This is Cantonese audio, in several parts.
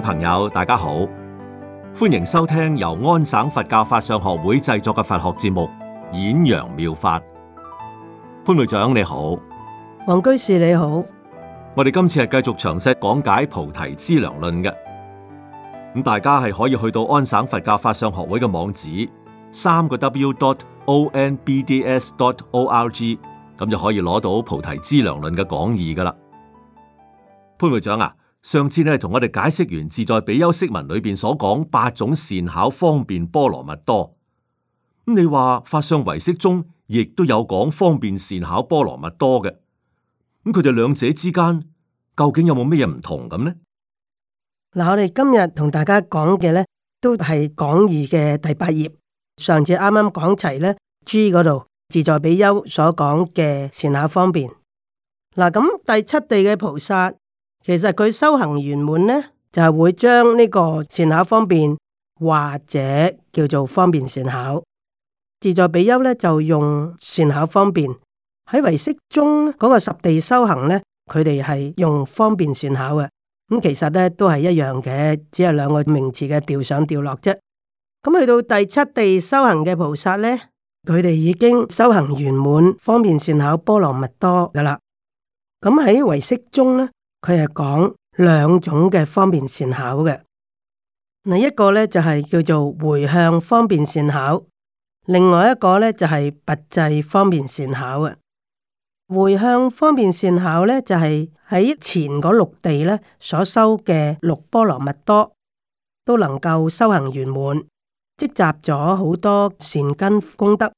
朋友，大家好，歡迎收聽由安省佛教法相學會製作嘅佛學節目《演揚妙，妙法》。潘會長你好，黃居士你好，我哋今次係繼續詳細講解《菩提資糧論》嘅。咁大家係可以去到安省佛教法相學會嘅網址，三個 w.dot.o.n.b.d.s.dot.o.r.g，咁就可以攞到《菩提資糧論》嘅講義噶啦。潘會長啊！上次咧同我哋解釋完自在比丘釋文裏邊所講八種善巧方便波羅蜜多，咁、嗯、你話法相維釋中亦都有講方便善巧波羅蜜多嘅，咁佢哋兩者之間究竟有冇咩嘢唔同咁呢？嗱、啊，我哋今日同大家講嘅咧都係講義嘅第八頁，上次啱啱講齊咧 G 嗰度自在比丘所講嘅善巧方便，嗱、啊、咁、嗯、第七地嘅菩薩。其實佢修行圓滿呢，就係會將呢個善巧方便，或者叫做方便善巧，自在比丘呢，就用善巧方便。喺唯識中嗰個十地修行呢，佢哋係用方便善巧嘅。咁、嗯、其實呢，都係一樣嘅，只係兩個名詞嘅調上調落啫。咁、嗯、去到第七地修行嘅菩薩呢，佢哋已經修行圓滿，方便善巧波羅蜜多㗎喇。咁喺唯識中呢。佢係講兩種嘅方便善巧嘅，嗱，一個呢，就係、是、叫做回向方便善巧，另外一個呢，就係、是、拔濟方便善巧嘅。回向方便善巧呢，就係、是、喺前嗰六地呢所修嘅六波羅蜜多都能夠修行圓滿，積集咗好多善根功德，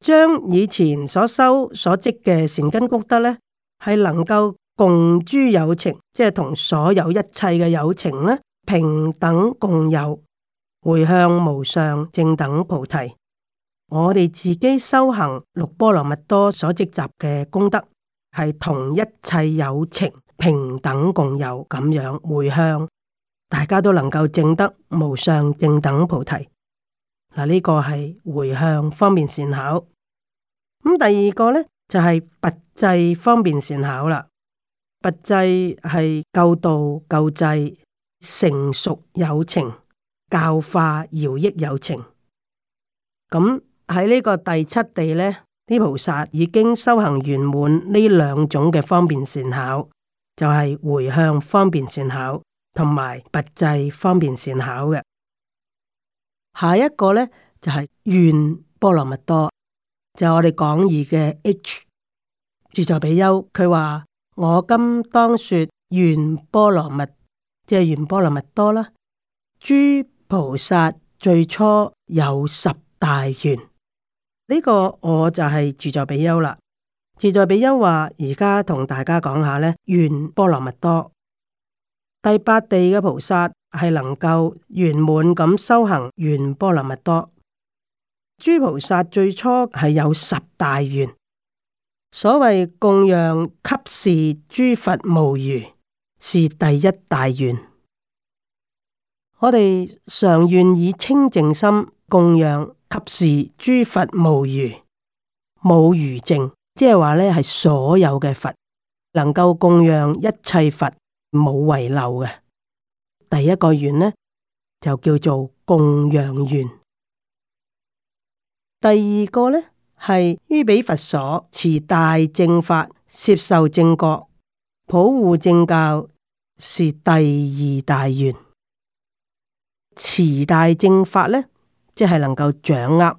將以前所修所積嘅善根功德呢，係能夠。共諸有情，即係同所有一切嘅有情咧，平等共有，回向無上正等菩提。我哋自己修行六波羅蜜多所積集嘅功德，係同一切有情平等共有咁樣回向，大家都能夠證得無上正等菩提。嗱，呢個係回向方便善巧。咁第二個呢就係、是、拔濟方便善巧啦。拔濟係救度、救濟，成熟有情，教化饒益有情，咁喺呢個第七地呢，啲菩薩已經修行圓滿呢兩種嘅方便善巧，就係、是、回向方便善巧同埋拔濟方便善巧嘅。下一個呢，就係、是、願波羅蜜多，就是、我哋講義嘅 H 自在比丘，佢話。我今當說願波羅蜜，即係願波羅蜜多啦。諸菩薩最初有十大願，呢、這個我就係自在比丘喇。自在比丘話：而家同大家講下呢「願波羅蜜多」。第八地嘅菩薩係能夠圓滿咁修行願波羅蜜多。諸菩薩最初係有十大願。所謂供養給侍諸佛無餘，是第一大願。我哋常願以清淨心供養給侍諸佛無餘，無餘淨，即係話呢係所有嘅佛，能夠供養一切佛，冇遺漏嘅。第一個願呢，就叫做供養願。第二個呢？係於比佛所，持大正法，攝受正覺，普護正教，是第二大願。持大正法呢，即係能夠掌握，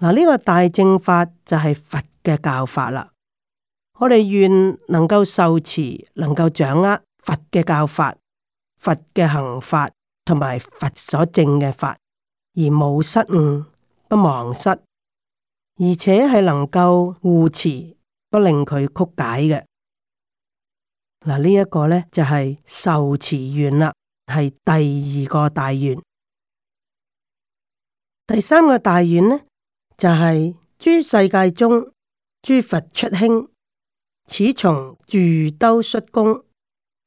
嗱呢、這個大正法就係佛嘅教法啦。我哋願能夠受持，能夠掌握佛嘅教法、佛嘅行法同埋佛所證嘅法，而冇失誤，不忘失。而且係能夠護持不令佢曲解嘅，嗱呢一個呢就係受持願啦，係第二個大願。第三個大願呢，就係、是、諸世界中諸佛出興，始從住兜率宮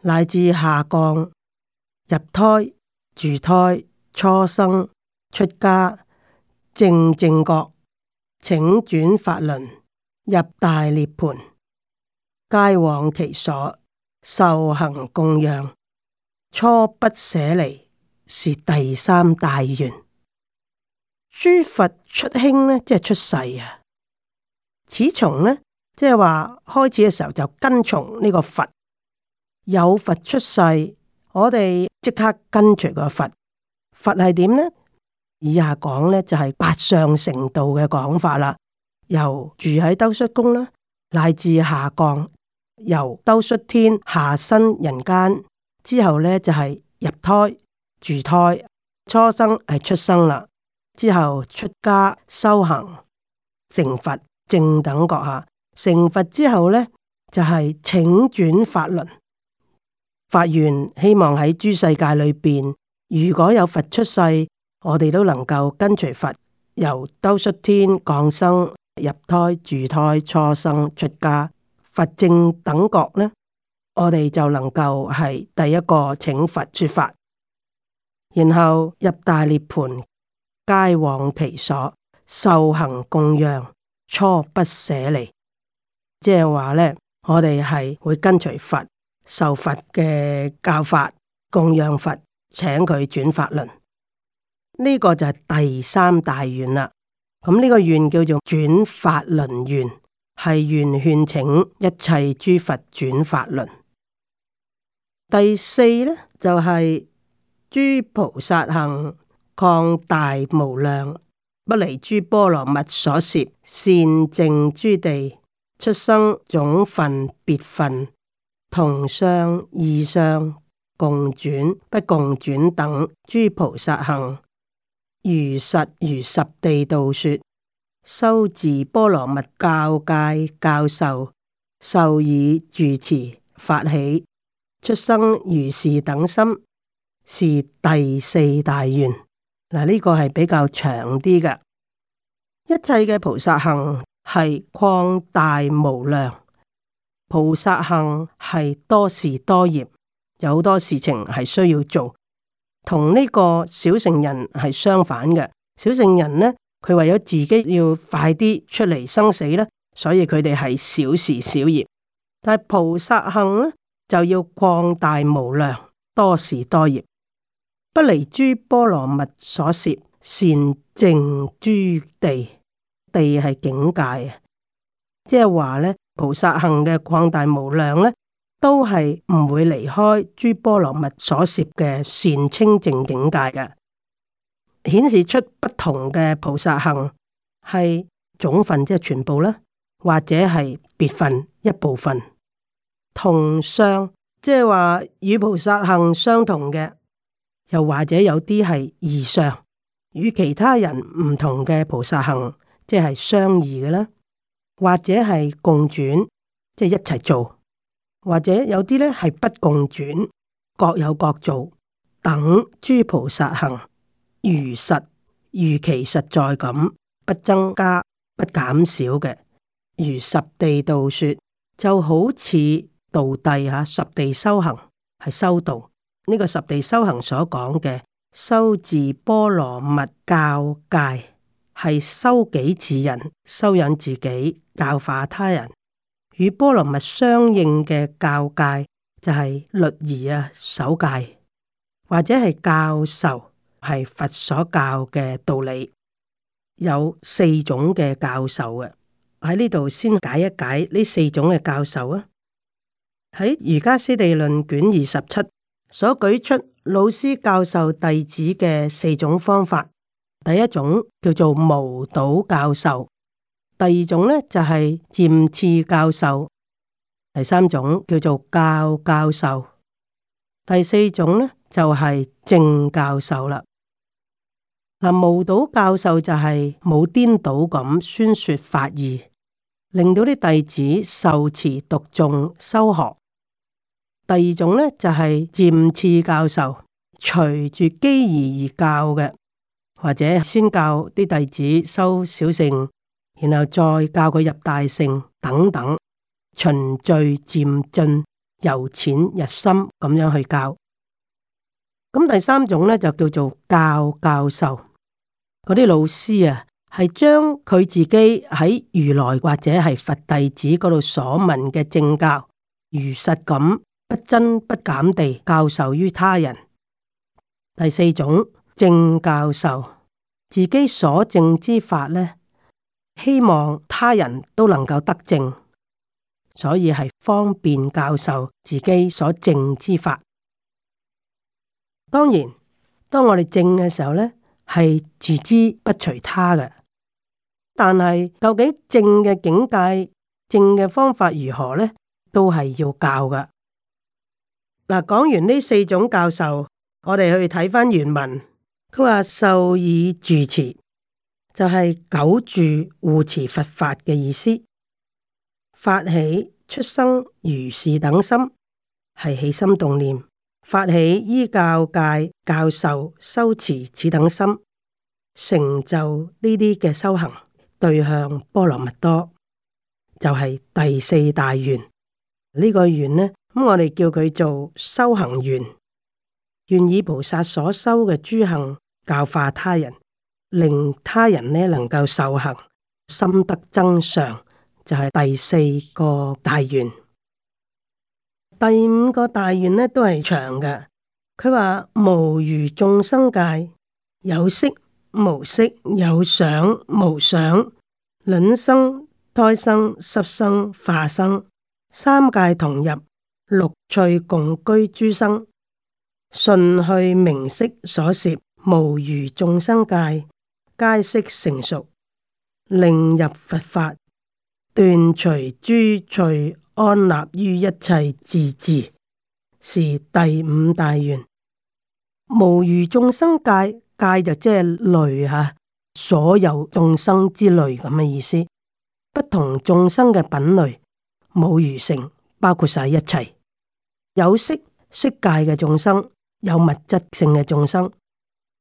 乃至下降入胎、住胎、初生、出家、正正覺，請轉法輪入大涅盤，皆往其所受行供養，初不捨離是第三大願。諸佛出興呢即係出世啊！始從呢，即係話開始嘅時候就跟從呢個佛，有佛出世，我哋即刻跟隨個佛。佛係點呢？以下講呢，就係、是、八相成道嘅講法啦，由住喺兜率宮啦，乃至下降，由兜率天下生人間之後呢，就係、是、入胎、住胎、初生係出生啦，之後出家修行成佛正等覺下，成佛之後呢，就係、是、請轉法輪，法緣希望喺諸世界裏邊，如果有佛出世。我哋都能夠跟隨佛由兜率天降生、入胎、住胎、初生、出家，佛正等覺呢，我哋就能夠係第一個請佛說法，然後入大涅盤，皆往彼所受行供養，初不捨離。即係話呢，我哋係會跟隨佛受佛嘅教法供養佛，請佢轉法輪。呢個就係第三大願啦。咁、這、呢個願叫做轉法輪願，係願勸請一切諸佛轉法輪。第四呢，就係、是、諸菩薩行擴大無量，不離諸波羅蜜所攝善淨諸地，出生種份別份，同相、異相、共轉、不共轉等，諸菩薩行。如實如實地道說，修自波羅蜜教界教授授以住持發起出生如是等心，是第四大願。嗱，呢個係比較長啲嘅。一切嘅菩薩行係曠大無量，菩薩行係多事多業，有好多事情係需要做。同呢個小乘人係相反嘅。小乘人呢，佢為咗自己要快啲出嚟，生死咧，所以佢哋係少事少業，但係菩薩行呢，就要廣大無量，多事多業。不離諸波羅蜜所攝善淨諸地，地係境界啊，即係話呢，菩薩行嘅廣大無量呢，都係唔會離開諸波羅蜜所涉嘅善清淨境界嘅，顯示出不同嘅菩薩行係總份，即係全部啦，或者係別份一部分，同相，即係話與菩薩行相同嘅，又或者有啲係異相，與其他人唔同嘅菩薩行，即係相異嘅啦，或者係共轉，即係一齊做。或者有啲咧係不共轉，各有各做，等諸菩薩行如實如其實在咁，不增加不減少嘅。如十地道說，就好似道諦吓、啊，十地修行係修道。呢、這個十地修行所講嘅修自波羅蜜教界」，係修己自人，修忍自己，教化他人。與波羅蜜相應嘅教誡，就係、是、律儀啊，守戒或者係教授係佛所教嘅道理，有四種嘅教授嘅，喺呢度先解一解呢四種嘅教授啊。喺瑜伽師地論卷二十七所舉出老師教授弟子嘅四種方法，第一種叫做無倒教授。第二種呢，就係、是、漸次教授，第三種叫做教教授，第四種呢，就係、是、正教授啦。嗱，無倒教授就係、是、冇顛倒咁宣說法義，令到啲弟子受持讀誦修學。第二種呢，就係、是、漸次教授，隨住機宜而教嘅，或者先教啲弟子修小聖。然後再教佢入大乘等等，循序漸進，由淺入深咁樣去教。咁第三種呢，就叫做教教授，嗰啲老師啊，係將佢自己喺如來或者係佛弟子嗰度所聞嘅正教如實咁不增不減地教授於他人。第四種正教授，自己所證之法呢。希望他人都能夠得證，所以係方便教授自己所證之法。當然，當我哋正嘅時候呢，係自知不隨他嘅。但係究竟正嘅境界、正嘅方法如何呢？都係要教㗎。嗱，講完呢四種教授，我哋去睇返原文。佢話授以住持。就係久住護持佛法嘅意思，發起出生如是等心，係起心動念；發起依教誡教授修持此等心，成就呢啲嘅修行，對向波羅蜜多，就係、是、第四大願。呢、這個願呢，咁我哋叫佢做修行願，願以菩薩所修嘅諸行教化他人。令他人呢能夠受行，心得增上，就係、是、第四個大願。第五個大願呢都係長嘅。佢話，無如眾生界，有色無色，有想無想，卵生、胎生、濕生、化生，三界同入六趣共居諸生，順去名色所攝，無如眾生界。皆悉成熟，令入佛法斷除諸趣，安立於一切自志，是第五大願。無餘眾生界界就即係類吓、啊，所有眾生之類咁嘅意思，不同眾生嘅品類，無餘性包括晒一切有色色界嘅眾生，有物質性嘅眾生，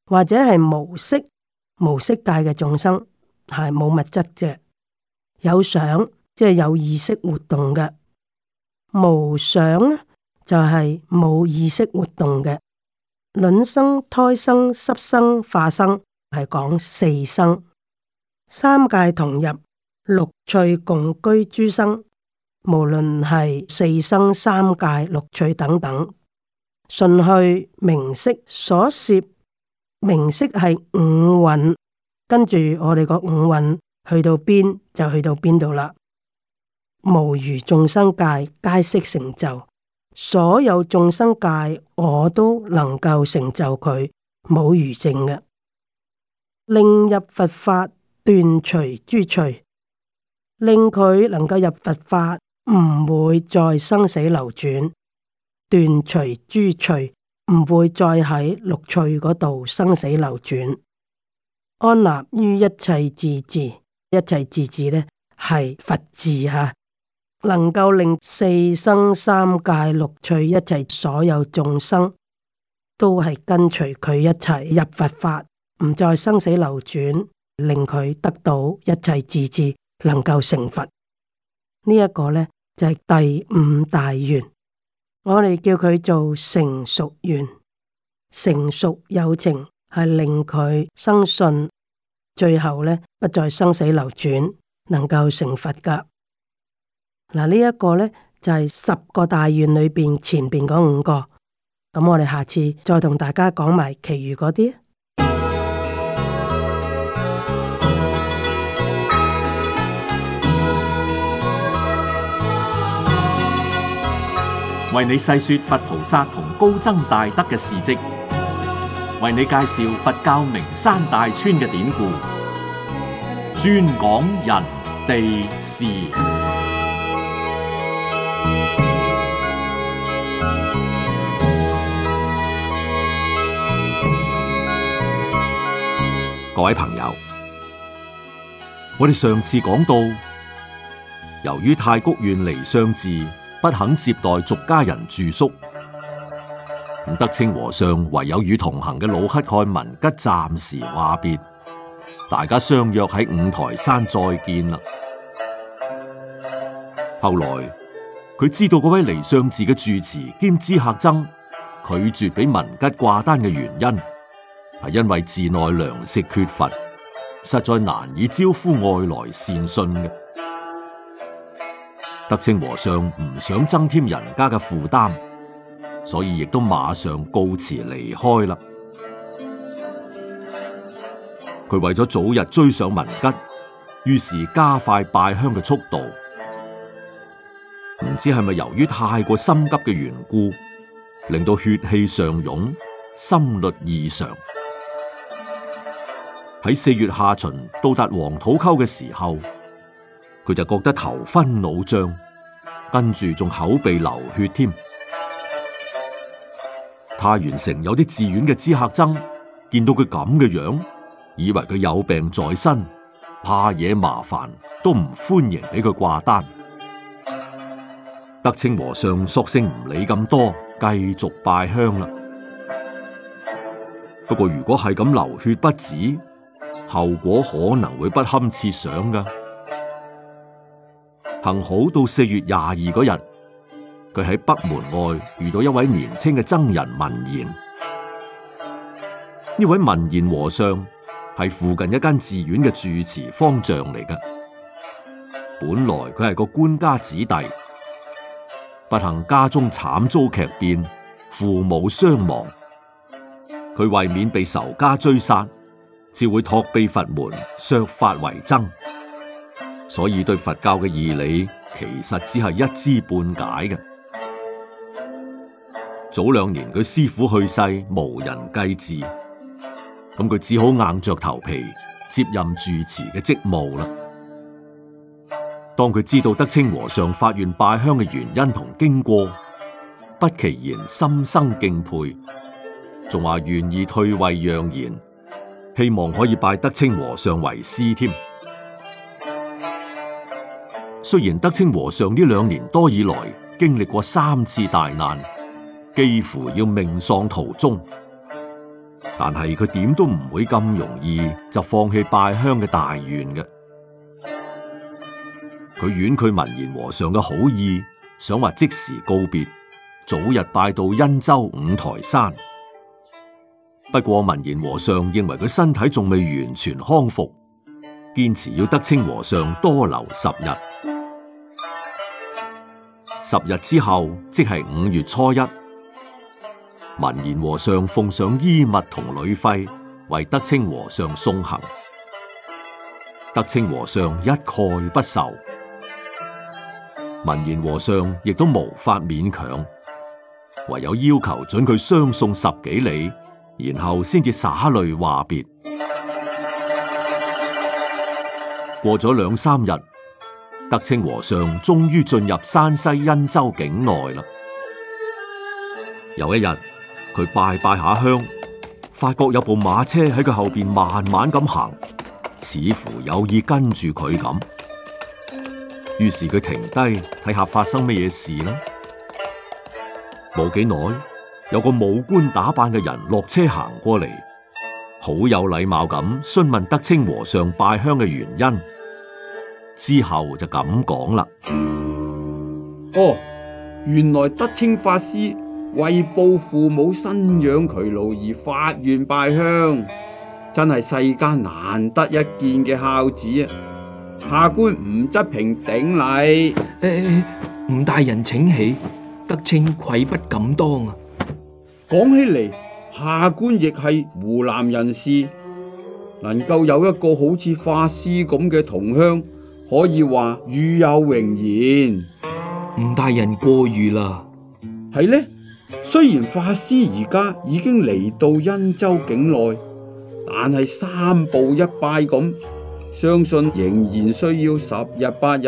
或者係無色。無色界嘅眾生係冇物質嘅，有想即係有意識活動嘅；無想咧就係、是、冇意識活動嘅。卵生、胎生、濕生、化生係講四生，三界同入六趣共居諸生，無論係四生、三界、六趣等等，順去名色所攝。名色係五蘊，跟住我哋個五蘊去到邊就去到邊度啦。無餘眾生界皆識成就，所有眾生界我都能夠成就佢，冇餘證嘅。令入佛法斷除諸除，令佢能夠入佛法，唔會再生死流轉，斷除諸除。唔會再喺六趣嗰度生死流轉，安立於一切智智，一切智智呢係佛智」。啊！能夠令四生三界六趣一切所有眾生都係跟隨佢一齊入佛法，唔再生死流轉，令佢得到一切智智，能夠成佛。呢、這、一個呢，就係、是、第五大願。我哋叫佢做成熟願，成熟友情，係令佢生信，最後呢，不再生死流轉，能夠成佛噶。嗱，呢一個呢，就係十個大願裏邊前邊嗰五個，咁我哋下次再同大家講埋其餘嗰啲。為你細說佛菩薩同高僧大德嘅事蹟，為你介紹佛教名山大川嘅典故，專講人地事。各位朋友，我哋上次講到，由於太谷遠離相治，不肯接待俗家人住宿，德清和尚唯有與同行嘅老乞丐文吉暫時話別，大家相約喺五台山再見啦。後來佢知道嗰位離相寺嘅住持兼知客僧拒絕俾文吉掛單嘅原因，係因為寺內糧食缺乏，實在難以招呼外來善信嘅。德清和尚唔想增添人家嘅負擔，所以亦都馬上告辭離開啦。佢為咗早日追上文吉，於是加快拜香嘅速度。唔知係咪由於太過心急嘅緣故，令到血氣上湧，心率異常。喺四月下旬到達黃土溝嘅時候。佢就覺得頭昏腦脹，跟住仲口鼻流血添。太原城有啲寺院嘅知客僧見到佢咁嘅樣，以為佢有病在身，怕惹麻煩，都唔歡迎俾佢掛單。德清和尚索性唔理咁多，繼續拜香啦。不過如果係咁流血不止，後果可能會不堪設想噶。幸好到四月廿二嗰日，佢喺北門外遇到一位年輕嘅僧人文言。呢位文言和尚係附近一間寺院嘅住持方丈嚟嘅。本來佢係個官家子弟，不幸家中慘遭劇變，父母傷亡，佢為免被仇家追殺，只會托庇佛門，削髮為僧。所以對佛教嘅義理其實只係一知半解嘅。早兩年佢師父去世，無人繼志，咁佢只好硬着頭皮接任住持嘅職務啦。當佢知道德清和尚發願拜香嘅原因同經過，不其然心生敬佩，仲話願意退位讓賢，希望可以拜德清和尚為師添。雖然德清和尚呢兩年多以來經歷過三次大難，幾乎要命喪途中，但係佢點都唔會咁容易就放棄拜鄉嘅大願嘅。佢婉拒文言和尚嘅好意，想話即時告別，早日拜到忻州五台山。不過文言和尚認為佢身體仲未完全康復，堅持要德清和尚多留十日。十日之後，即係五月初一，文賢和尚奉上衣物同旅費，為德清和尚送行。德清和尚一概不收，文賢和尚亦都無法勉強，唯有要求准佢相送十幾里，然後先至灑淚話別。過咗兩三日。德清和尚終於進入山西忻州境內啦。有一日，佢拜拜下香，發覺有部馬車喺佢後邊慢慢咁行，似乎有意跟住佢咁。於是佢停低睇下，看看發生乜嘢事啦。冇幾耐，有個武官打扮嘅人落車行過嚟，好有禮貌咁詢問德清和尚拜香嘅原因。之後就咁講啦。哦，原來德清法師為報父母生養劬勞而發願拜香，真係世間難得一見嘅孝子啊！下官吳則平頂禮。誒、哎哎，吳大人請起，德清愧不敢當啊。講起嚟，下官亦係湖南人士，能夠有一個好似法師咁嘅同鄉。可以話語有榮言，吳大人過譽啦。係呢，雖然法師而家已經嚟到恩州境內，但係三步一拜咁，相信仍然需要十日八日，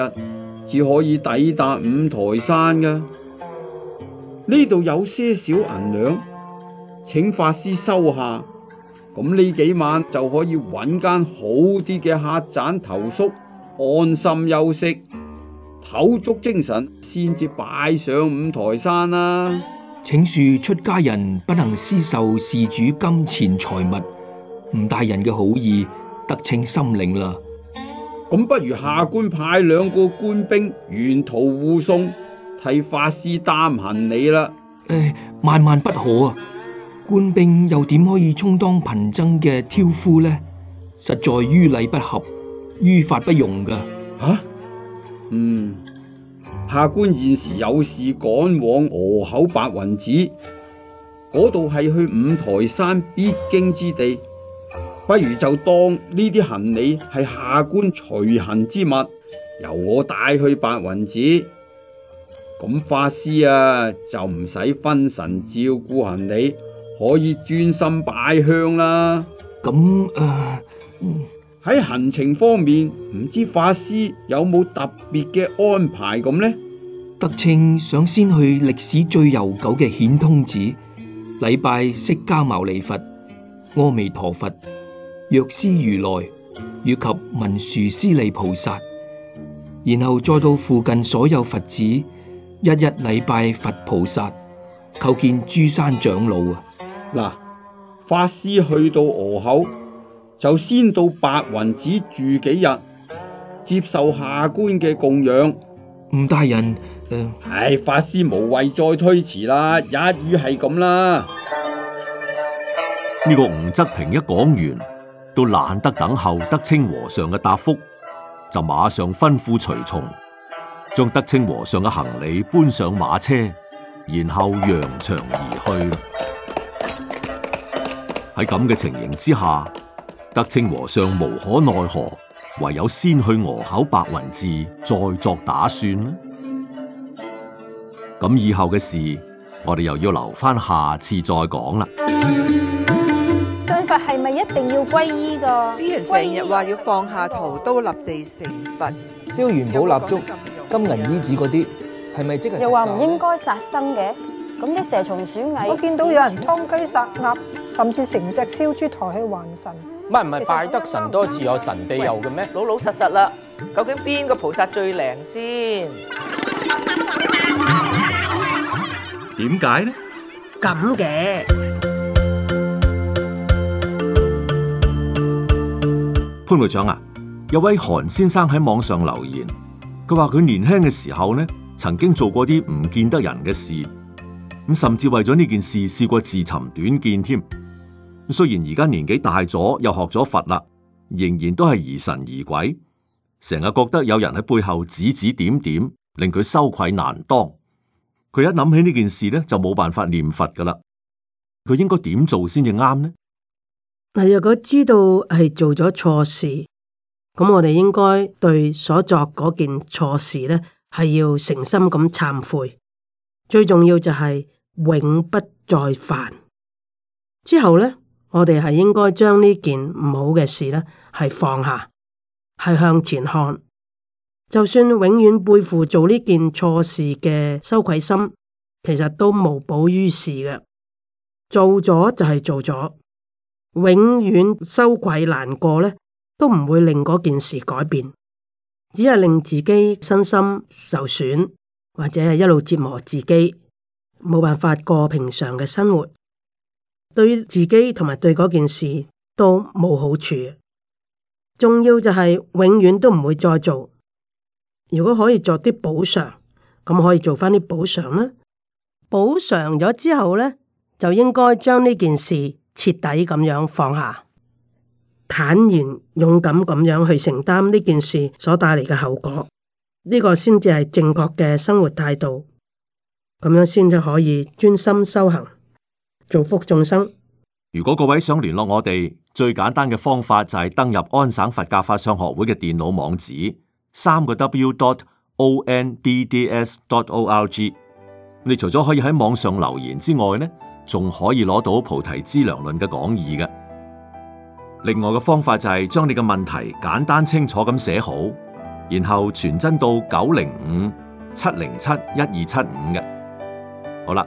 至可以抵達五台山嘅。呢度有些少銀兩，請法師收下。咁呢幾晚就可以揾間好啲嘅客棧投宿。安心休息，唞足精神，先至拜上五臺山啦。請恕出家人不能私受事主金錢財物，吳大人嘅好意，得請心領啦。咁不如下官派兩個官兵沿途護送，替法師擔行李啦。誒，萬萬不可啊！官兵又點可以充當貧僧嘅挑夫呢？實在於禮不合。於法不容噶吓、啊，嗯，下官現時有事趕往河口白雲寺，嗰度係去五台山必經之地，不如就當呢啲行李係下官隨行之物，由我帶去白雲寺，咁法師啊就唔使分神照顧行李，可以專心拜香啦。咁，誒。呃嗯喺行程方面，唔知法師有冇特別嘅安排咁呢？德清想先去歷史最悠久嘅顯通寺禮拜釋迦牟尼佛、阿彌陀佛、藥師如來以及文殊師利菩薩，然後再到附近所有佛寺，一一禮拜佛菩薩，叩見諸山長老啊！嗱，法師去到河口。就先到白雲寺住幾日，接受下官嘅供養。吳大人，唉、呃哎，法師無謂再推遲啦，一於係咁啦。呢個吳則平一講完，都懶得等候德清和尚嘅答覆，就馬上吩咐隨從將德清和尚嘅行李搬上馬車，然後揚長而去。喺咁嘅情形之下。德清和尚無可奈何，唯有先去鵝口白雲寺再作打算啦。咁以後嘅事，我哋又要留翻下，下次再講啦。信佛係咪一定要皈依噶？啲人成日話要放下屠刀立地成佛，燒元寶蠟燭、金銀衣紙嗰啲，係咪即係？又話唔應該殺生嘅。咁啲、嗯、蛇蟲鼠蟻，我見到有人、嗯、劏雞殺鴨，甚至成隻燒豬抬去還神。唔唔係，拜得神多自有神庇佑嘅咩？老老實實啦，究竟邊個菩薩最靈先？點解呢？咁嘅潘局長啊，有位韓先生喺網上留言，佢話佢年輕嘅時候呢，曾經做過啲唔見得人嘅事，咁甚至為咗呢件事試過自尋短見添。雖然而家年紀大咗，又學咗佛啦，仍然都係疑神疑鬼，成日覺得有人喺背後指指點點，令佢羞愧難當。佢一諗起呢件事咧，就冇辦法念佛噶啦。佢應該點做先至啱呢？但若果知道係做咗錯事，咁我哋應該對所作嗰件錯事咧，係要誠心咁懺悔。最重要就係永不再犯。之後咧。我哋係應該將呢件唔好嘅事咧，係放下，係向前看。就算永遠背負做呢件錯事嘅羞愧心，其實都無補於事嘅。做咗就係做咗，永遠羞愧難過咧，都唔會令嗰件事改變，只係令自己身心受損，或者係一路折磨自己，冇辦法過平常嘅生活。對於自己同埋對嗰件事都冇好處，重要就係永遠都唔會再做。如果可以做啲補償，咁可以做翻啲補償啦。補償咗之後呢，就應該將呢件事徹底咁樣放下，坦然勇敢咁樣去承擔呢件事所帶嚟嘅後果。呢個先至係正確嘅生活態度，咁樣先至可以專心修行。造福眾生。如果各位想聯絡我哋，最簡單嘅方法就係登入安省佛教法相學會嘅電腦網址，三個 W dot O N B D S dot O L G。你除咗可以喺網上留言之外，呢仲可以攞到《菩提資糧論》嘅講義嘅。另外嘅方法就係將你嘅問題簡單清楚咁寫好，然後傳真到九零五七零七一二七五嘅。好啦。